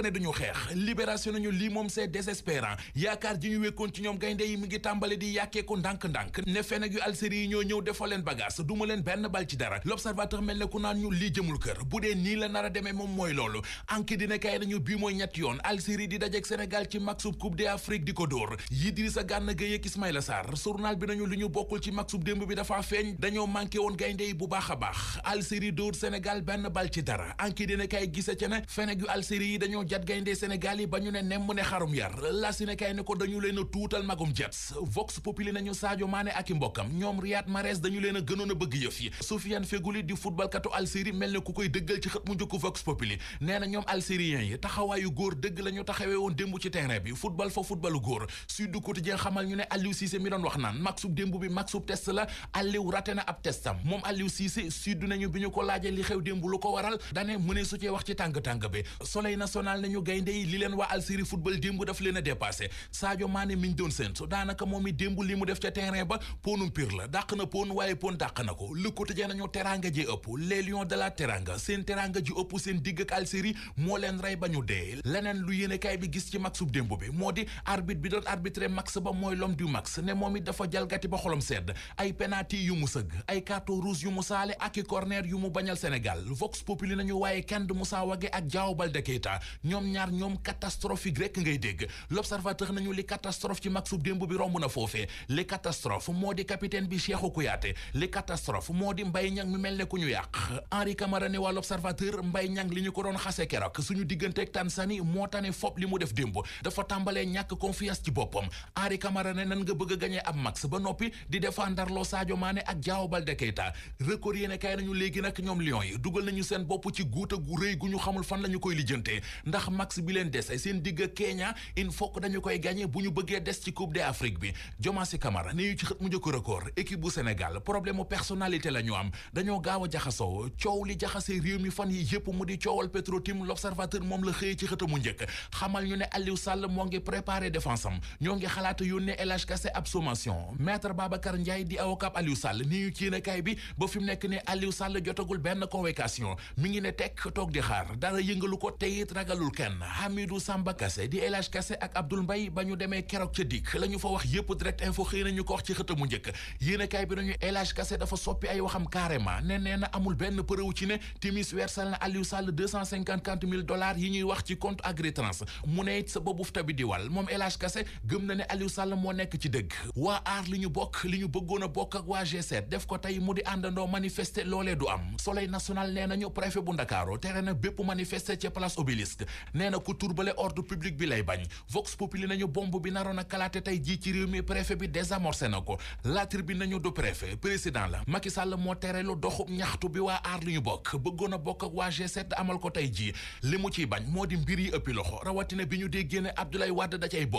nekk ne duñu xeex libération nañu lii moom c'est désespérant yaakaar ji ñu wékkoon ci ñoom gaynde yi mu ngi tàmbale di yàkkeeku ndànk-ndànk ne fenn yu Algérie yi ñoo ñëw defoo leen bagage duma leen benn bal ci dara l'observateur mel ne ku naan ñu lii jëmul kër bu dee nii la nar a demee moom mooy loolu anki dina nañu bii mooy ñetti yoon Algérie di dajeek Sénégal ci maxub coupe d'Afrique di ko dóor Idrissa Gana Gueye ak Ismaïla Sarr journal bi nañu li ñu bi dafa feeñ dañoo manqué a jat gaynde Sénégal yi ba ñu ne nem mu ne xarum yar la si ne kay ko dañu leen a tuutal magum jat Vox Populi nañu Sadio Mané ak i mbokkam ñoom Riyad Mahrez dañu leen a gënoon a bëgg yëf yi Soufiane Feghouli di footballkatu Algérie mel ne ku koy dëggal ci xët mu njëkk Vox Populi nee ñoom algériens yi taxawaayu góor dëgg la ñu taxawee woon démb ci terrain bi football fa footballu góor Sud Quotidien xamal ñu ne Aliou Cissé mi doon wax naan maxub démb bi maxub test la Aliou raté na ab testam moom Aliou Cissé Sud nañu bi ñu ko li xew démb lu ko waral dane mu ne su cee wax ci tàng-tàng bi journal nañu gaynde yi li leen waa Algérie football démb daf leen a dépassé Sadio miñ doon séentu daanaka moom i démb li mu def ca terrain ba ponum pire la dàq na pon waaye pon dàq na ko Le Quotidien nañu teranga ji ëpp les lions de seen teranga ji ëpp seen digg ak Algérie moo leen rey ba ñu dee leneen lu yéenekaay bi gis ci maxub démb bi moo di arbitre bi doon arbitré max ba mooy l'homme du max ne moom it dafa jalgati ba xolom sedd ay penalty yu mu sëgg ay yu mu saale ak i corner yu mu bañal Sénégal kenn du Moussa Wagué ñoom ñaar ñoom catastrophique rek ngay dégg l'observateur nañu li catastrophe ci mag sub démb bi romb na foofee li catastrophe moo di capitaine bi Cheikhou Kouyaté li catastrophe moo di mbay Niang mi mel ne ku ñu yàq Henri Camara ne waa l'observateur Mbaye Niang li ñu ko doon xase keroog suñu digganteeg Tanzanie moo tane fop li mu def démb dafa tàmbalee ñàkk confiance ci boppam Henri Camara ne nan nga bëgg a gañee ab max ba noppi di defandarloo Sadio maane ak Diao Baldé Keita record yéene kaay nañu léegi nag ñoom Lions yi dugal nañu seen bopp ci guuta gu rëy ñu xamul fan la ñu koy lijjantee ndax max bi leen des seen digg ak Kenya il faut que dañu koy gagné bu ñu bëggee des ci Coupe d'Afrique bi Diomansy Kamara ne ñu ci xët mu njëkk record équipe bu Sénégal problème mu personnalité la ñu am dañoo gaaw a jaxasoo coow li jaxasee réew mi fan yi yëpp mu di coowal Petro-Tim l'Observateur moom la xëyee ci xëtamu njëkk xamal ñu ne Aliou Sall moo ngi préparé défense am ñoo ngi xalaata yónnee El Hadj Kassé ab sommation maître Babacar Ndiaye di avocat Aliou Sall ni ñu ci kay bi ba fi mu nekk ne Aliou Sall jotagul benn convocation mi ngi ne tekk toog di xaar dalul kenn Hamidou Samba Kassé di El Hadj Kassé ak Abdoul mbay ba ñu demee keroog ca dikk la ñu fa wax yëpp direct info xëy na ñu ko wax ci xëtamu njëkk yéenekaay bi nañu El Hadj dafa soppi ay waxam carrément ne nee na amul benn preuve ci ne Timis wersal na Aliou Sall deux cent cinquante mille dollars yi ñuy wax ci compte Agritrans mu ne it sa boobu tabi di moom El Hadj Kassé gëm na ne Aliou Sall moo nekk ci dëgg waa aar li ñu bokk li ñu bëggoon a bokk ak waa g def ko tey mu di àndandoo manifester loolee am Soleil national nee nañu préfet bu Ndakaaru tere na bépp manifester ca place Obélisque nee na ku turbale ordre public bi lay bañ vox popule nañu bomb bi naroon a kalaate tey jii ci réew mi préfet bi désamorcé na ko la tribune nañu du préfet président la Macky Sall moo tereelu doxub ñaxtu bi waa aar lu ñu bokk bëggoon a bokk waa g amal ko tey jii li mu ciy bañ moo di mbir yi ëppi loxo rawatina bi ñu déggee ne Abdoulaye Wade da bokk